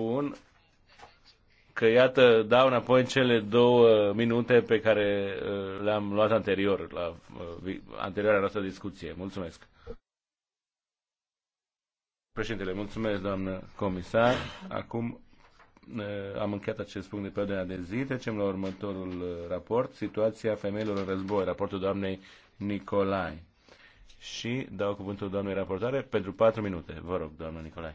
spun că iată, dau înapoi cele două minute pe care uh, le-am luat anterior, la uh, anterioara noastră discuție. Mulțumesc. Președintele, mulțumesc, doamnă comisar. Acum uh, am încheiat acest punct de pe ordinea de zi. Trecem la următorul raport, situația femeilor în război, raportul doamnei Nicolai. Și dau cuvântul doamnei raportare pentru patru minute. Vă rog, doamnă Nicolai.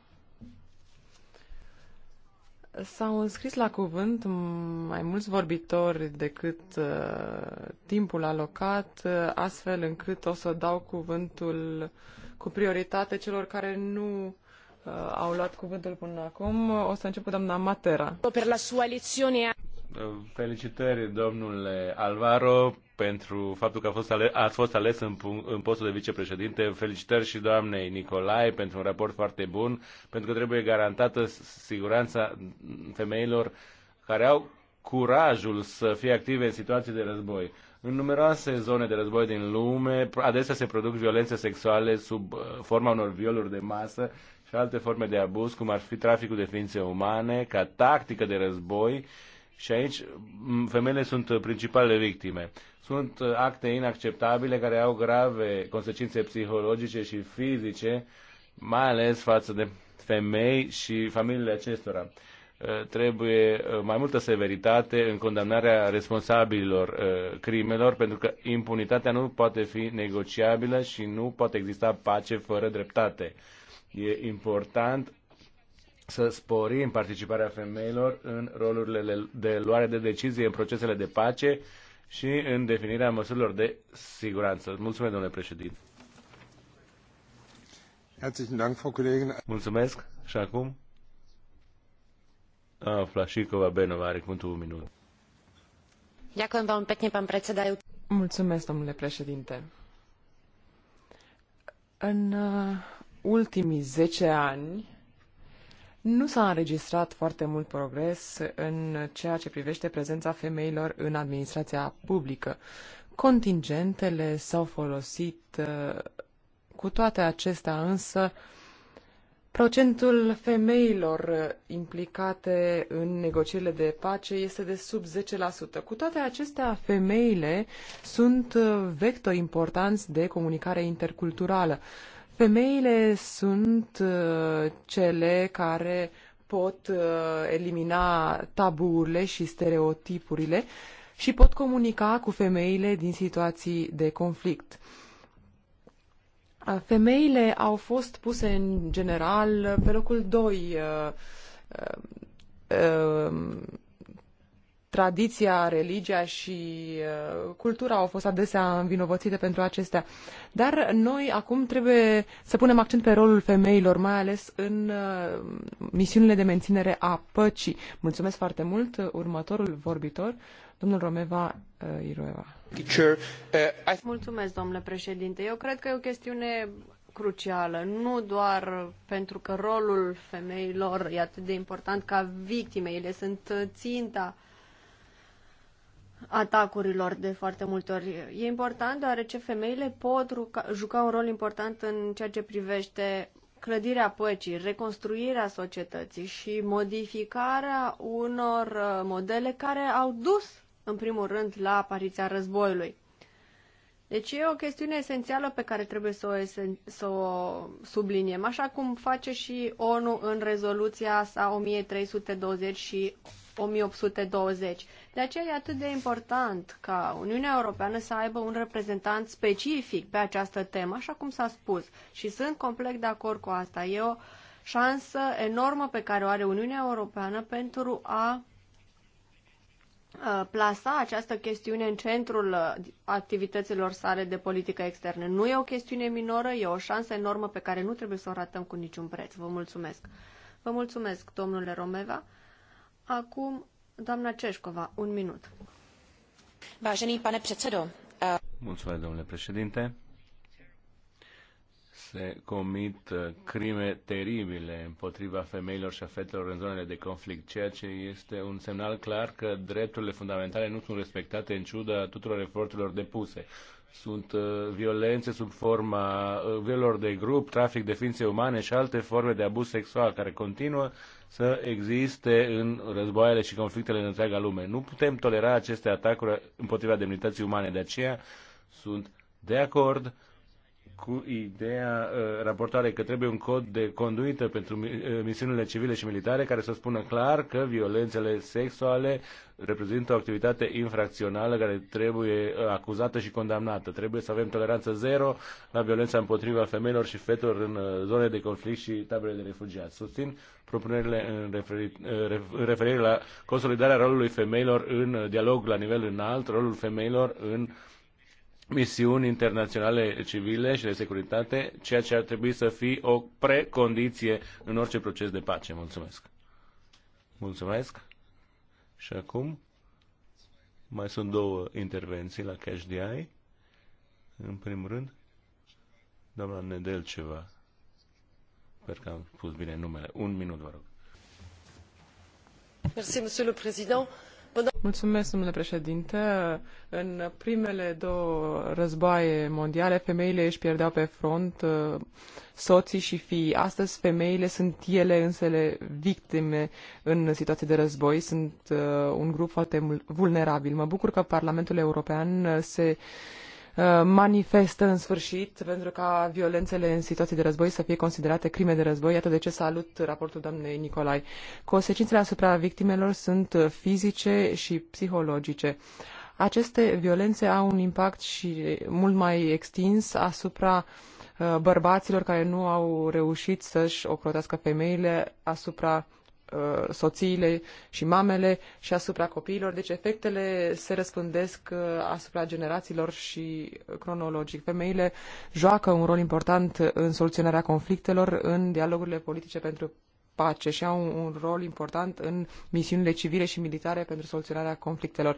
S-au înscris la cuvânt mai mulți vorbitori decât uh, timpul alocat, uh, astfel încât o să dau cuvântul cu prioritate celor care nu uh, au luat cuvântul până acum. O să încep cu doamna Matera. Per la sua lezione Uh, felicitări, domnule Alvaro, pentru faptul că a fost, ales, ați fost ales în, în postul de vicepreședinte. Felicitări și doamnei Nicolai pentru un raport foarte bun, pentru că trebuie garantată siguranța femeilor care au curajul să fie active în situații de război. În numeroase zone de război din lume, adesea se produc violențe sexuale sub uh, forma unor violuri de masă și alte forme de abuz, cum ar fi traficul de ființe umane, ca tactică de război și aici femeile sunt uh, principalele victime. Sunt uh, acte inacceptabile care au grave consecințe psihologice și fizice, mai ales față de femei și familiile acestora. Uh, trebuie mai multă severitate în condamnarea responsabililor crimelor, pentru că impunitatea nu poate fi negociabilă și nu poate exista pace fără dreptate. E important să sporim participarea femeilor în rolurile de luare de decizie în procesele de pace și în definirea măsurilor de siguranță. Mulțumesc, domnule președinte. Mulțumesc. Și acum? A, Flașicova Benova are cuvântul un minut. Mulțumesc, domnule președinte. În uh, ultimii 10 ani, nu s-a înregistrat foarte mult progres în ceea ce privește prezența femeilor în administrația publică. Contingentele s-au folosit uh, cu toate acestea, însă, procentul femeilor uh, implicate în negocierile de pace este de sub 10%. Cu toate acestea, femeile sunt uh, vectori importanți de comunicare interculturală. Femeile sunt uh, cele care pot uh, elimina taburile și stereotipurile și pot comunica cu femeile din situații de conflict. Uh, femeile au fost puse în general pe locul 2 uh, uh, tradiția, religia și uh, cultura au fost adesea învinovățite pentru acestea. Dar noi acum trebuie să punem accent pe rolul femeilor, mai ales în uh, misiunile de menținere a păcii. Mulțumesc foarte mult. Uh, următorul vorbitor, domnul Romeva Iroeva. Mulțumesc, domnule președinte. Eu cred că e o chestiune crucială, nu doar pentru că rolul femeilor e atât de important ca victime, ele sunt ținta uh, atacurilor de foarte multe ori. E important deoarece femeile pot juca un rol important în ceea ce privește clădirea păcii, reconstruirea societății și modificarea unor uh, modele care au dus, în primul rând, la apariția războiului. Deci e o chestiune esențială pe care trebuie să o, esen- să o subliniem, așa cum face și ONU în rezoluția sa 1320 și 1820. De aceea e atât de important ca Uniunea Europeană să aibă un reprezentant specific pe această temă, așa cum s-a spus. Și sunt complet de acord cu asta. E o șansă enormă pe care o are Uniunea Europeană pentru a plasa această chestiune în centrul activităților sale de politică externă. Nu e o chestiune minoră, e o șansă enormă pe care nu trebuie să o ratăm cu niciun preț. Vă mulțumesc. Vă mulțumesc, domnule Romeva. Acum, doamna Ceșcova, un minut. Vážený pane předsedo. Eh, Mulțumesc, domnule președinte. Se comit eh, crime teribile împotriva femeilor și a fetelor în zonele de conflict, ceea ce este un semnal clar că drepturile fundamentale nu sunt respectate în ciuda tuturor eforturilor depuse sunt uh, violențe sub forma uh, violor de grup, trafic de ființe umane și alte forme de abuz sexual care continuă să existe în războaiele și conflictele în întreaga lume. Nu putem tolera aceste atacuri împotriva demnității umane, de aceea sunt de acord cu ideea uh, raportoare că trebuie un cod de conduită pentru uh, misiunile civile și militare care să spună clar că violențele sexuale reprezintă o activitate infracțională care trebuie uh, acuzată și condamnată. Trebuie să avem toleranță zero la violența împotriva femeilor și fetelor în zone de conflict și tabere de refugiați. Susțin propunerile în referi, uh, referire la consolidarea rolului femeilor în dialog la nivel înalt, rolul femeilor în misiuni internaționale civile și de securitate, ceea ce ar trebui să fie o precondiție în orice proces de pace. Mulțumesc. Mulțumesc. Și acum mai sunt două intervenții la Cash DI. În primul rând, doamna ceva. Sper că am spus bine numele. Un minut, vă rog. Mulțumesc. domnule președinte. Mulțumesc, În primele două războaie mondiale, femeile își pierdeau pe front uh, soții și fii. Astăzi, femeile sunt ele însele victime în situații de război. Sunt uh, un grup foarte vulnerabil. Mă bucur că Parlamentul European uh, se Uh, manifestă în sfârșit pentru ca violențele în situații de război să fie considerate crime de război. Iată de ce salut raportul doamnei Nicolai. Consecințele asupra victimelor sunt fizice și psihologice. Aceste violențe au un impact și mult mai extins asupra uh, bărbaților care nu au reușit să-și ocrotească femeile, asupra uh, soțiile și mamele și asupra copiilor. Deci efectele se răspândesc uh, asupra generațiilor și uh, cronologic. Femeile joacă un rol important în soluționarea conflictelor, în dialogurile politice pentru pace și au un, un rol important în misiunile civile și militare pentru soluționarea conflictelor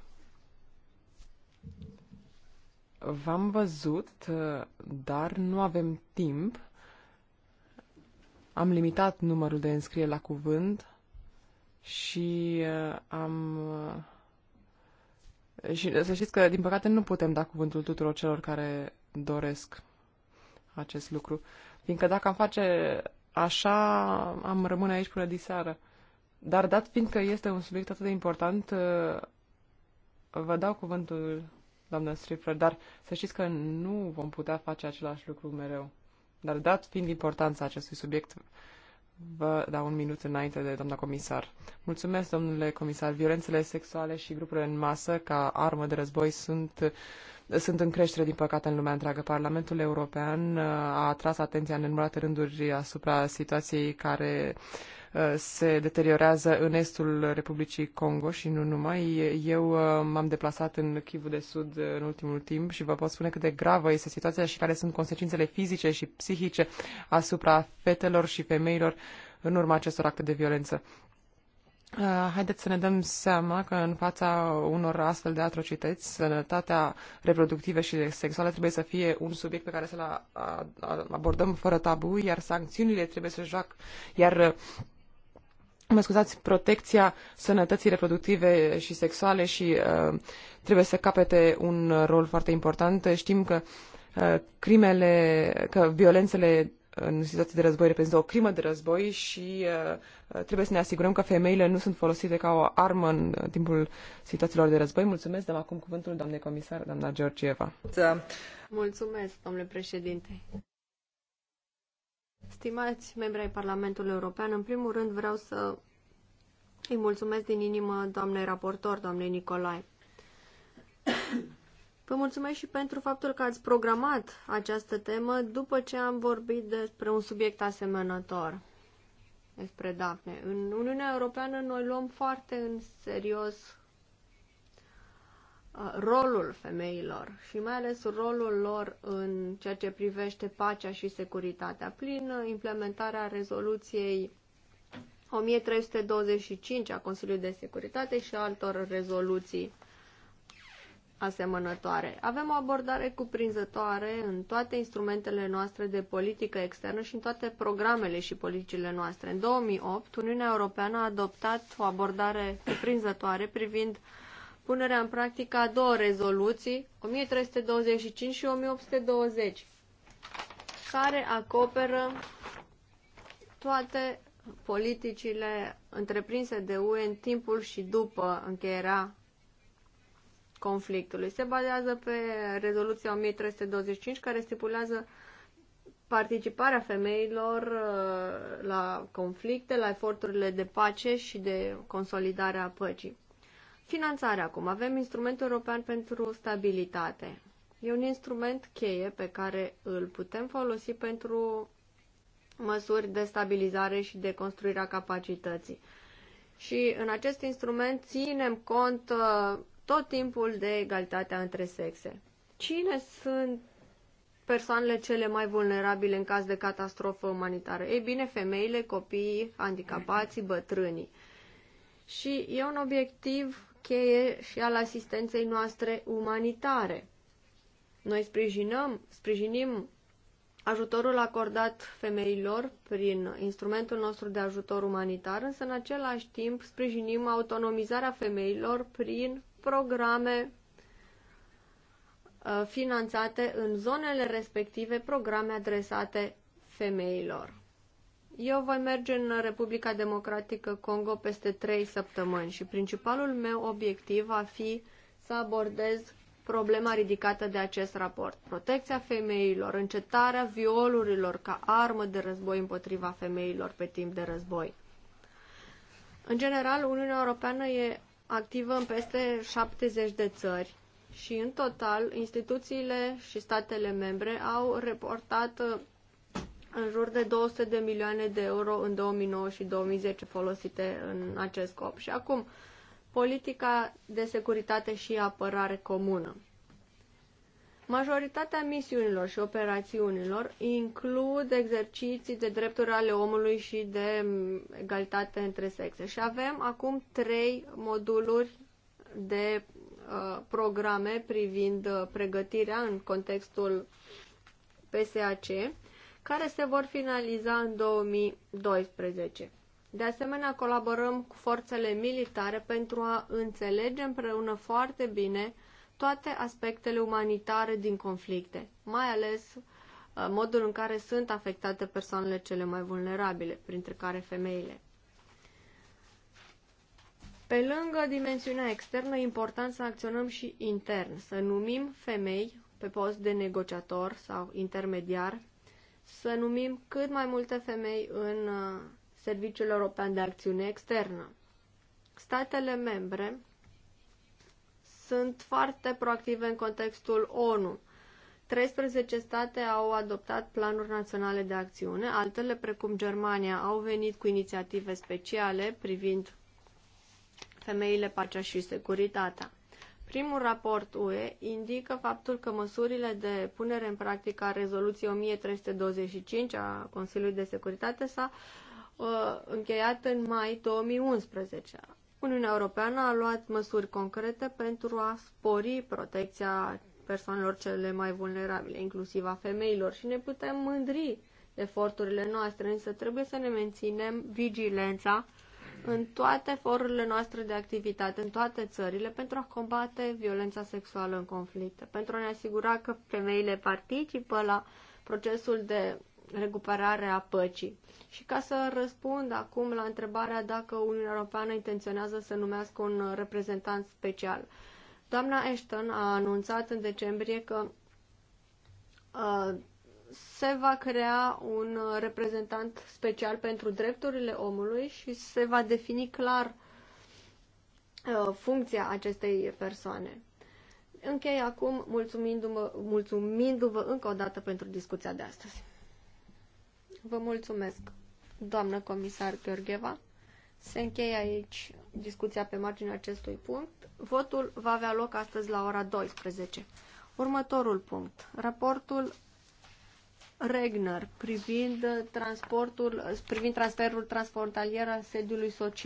V-am văzut, uh, dar nu avem timp. Am limitat numărul de înscrieri la cuvânt și uh, am... Uh, și să știți că, din păcate, nu putem da cuvântul tuturor celor care doresc acest lucru. Fiindcă dacă am face așa, am rămâne aici până diseară. Dar dat fiindcă este un subiect atât de important, vă dau cuvântul doamnă Strifler, dar să știți că nu vom putea face același lucru mereu. Dar dat fiind importanța acestui subiect, vă dau un minut înainte de doamna comisar. Mulțumesc, domnule comisar. Violențele sexuale și grupurile în masă ca armă de război sunt sunt în creștere, din păcate, în lumea întreagă. Parlamentul European uh, a atras atenția în numărate rânduri asupra situației care uh, se deteriorează în estul Republicii Congo și nu numai. Eu uh, m-am deplasat în Kivu de Sud în ultimul timp și vă pot spune cât de gravă este situația și care sunt consecințele fizice și psihice asupra fetelor și femeilor în urma acestor acte de violență. Uh, haideți să ne dăm seama că în fața unor astfel de atrocități, sănătatea reproductivă și sexuală trebuie să fie un subiect pe care să-l abordăm fără tabu, iar sancțiunile trebuie să joacă, iar uh, mă scuzați, protecția sănătății reproductive și sexuale și uh, trebuie să capete un rol foarte important. Știm că uh, crimele, că violențele în situații de război reprezintă o crimă de război și uh, uh, trebuie să ne asigurăm că femeile nu sunt folosite ca o armă în uh, timpul situațiilor de război. Mulțumesc, dăm acum cuvântul doamnei comisar, doamna Georgieva. Mulțumesc, domnule președinte. Stimați membri ai Parlamentului European, în primul rând vreau să îi mulțumesc din inimă doamnei raportor, doamnei Nicolae. Vă mulțumesc și pentru faptul că ați programat această temă după ce am vorbit despre un subiect asemănător, despre Dafne. În Uniunea Europeană noi luăm foarte în serios uh, rolul femeilor și mai ales rolul lor în ceea ce privește pacea și securitatea prin uh, implementarea rezoluției 1325 a Consiliului de Securitate și altor rezoluții asemănătoare. Avem o abordare cuprinzătoare în toate instrumentele noastre de politică externă și în toate programele și politicile noastre. În 2008, Uniunea Europeană a adoptat o abordare cuprinzătoare privind punerea în practică a două rezoluții, 1325 și 1820, care acoperă toate politicile întreprinse de UE în timpul și după încheierea conflictului. Se bazează pe rezoluția 1325 care stipulează participarea femeilor uh, la conflicte, la eforturile de pace și de consolidare a păcii. Finanțarea acum. Avem instrumentul european pentru stabilitate. E un instrument cheie pe care îl putem folosi pentru măsuri de stabilizare și de construirea capacității. Și în acest instrument ținem cont uh, tot timpul de egalitatea între sexe. Cine sunt persoanele cele mai vulnerabile în caz de catastrofă umanitară? Ei bine, femeile, copiii, handicapații, bătrânii. Și e un obiectiv cheie și al asistenței noastre umanitare. Noi sprijinăm, sprijinim ajutorul acordat femeilor prin instrumentul nostru de ajutor umanitar, însă în același timp sprijinim autonomizarea femeilor prin programe uh, finanțate în zonele respective, programe adresate femeilor. Eu voi merge în Republica Democratică Congo peste trei săptămâni și principalul meu obiectiv va fi să abordez problema ridicată de acest raport. Protecția femeilor, încetarea violurilor ca armă de război împotriva femeilor pe timp de război. În general, Uniunea Europeană e activă în peste 70 de țări și în total instituțiile și statele membre au reportat uh, în jur de 200 de milioane de euro în 2009 și 2010 folosite în acest scop. Și acum, politica de securitate și apărare comună. Majoritatea misiunilor și operațiunilor includ exerciții de drepturi ale omului și de mm, egalitate între sexe. Și avem acum trei moduluri de uh, programe privind uh, pregătirea în contextul PSAC, care se vor finaliza în 2012. De asemenea, colaborăm cu forțele militare pentru a înțelege împreună foarte bine toate aspectele umanitare din conflicte, mai ales uh, modul în care sunt afectate persoanele cele mai vulnerabile, printre care femeile. Pe lângă dimensiunea externă, e important să acționăm și intern, să numim femei pe post de negociator sau intermediar, să numim cât mai multe femei în uh, Serviciul European de Acțiune Externă. Statele membre sunt foarte proactive în contextul ONU. 13 state au adoptat planuri naționale de acțiune, altele, precum Germania, au venit cu inițiative speciale privind femeile, pacea și securitatea. Primul raport UE indică faptul că măsurile de punere în practică a rezoluției 1325 a Consiliului de Securitate s-a uh, încheiat în mai 2011. Uniunea Europeană a luat măsuri concrete pentru a spori protecția persoanelor cele mai vulnerabile, inclusiv a femeilor, și ne putem mândri de eforturile noastre, însă trebuie să ne menținem vigilența în toate forurile noastre de activitate, în toate țările, pentru a combate violența sexuală în conflicte, pentru a ne asigura că femeile participă la procesul de recuperarea păcii. Și ca să răspund acum la întrebarea dacă Uniunea Europeană intenționează să numească un reprezentant special. Doamna Ashton a anunțat în decembrie că uh, se va crea un reprezentant special pentru drepturile omului și se va defini clar uh, funcția acestei persoane. Închei acum mulțumindu-vă, mulțumindu-vă încă o dată pentru discuția de astăzi. Vă mulțumesc, doamnă comisar Gheorgheva. Se încheie aici discuția pe marginea acestui punct. Votul va avea loc astăzi la ora 12. Următorul punct. Raportul Regner privind, transportul, privind transferul transfrontalier al sediului social.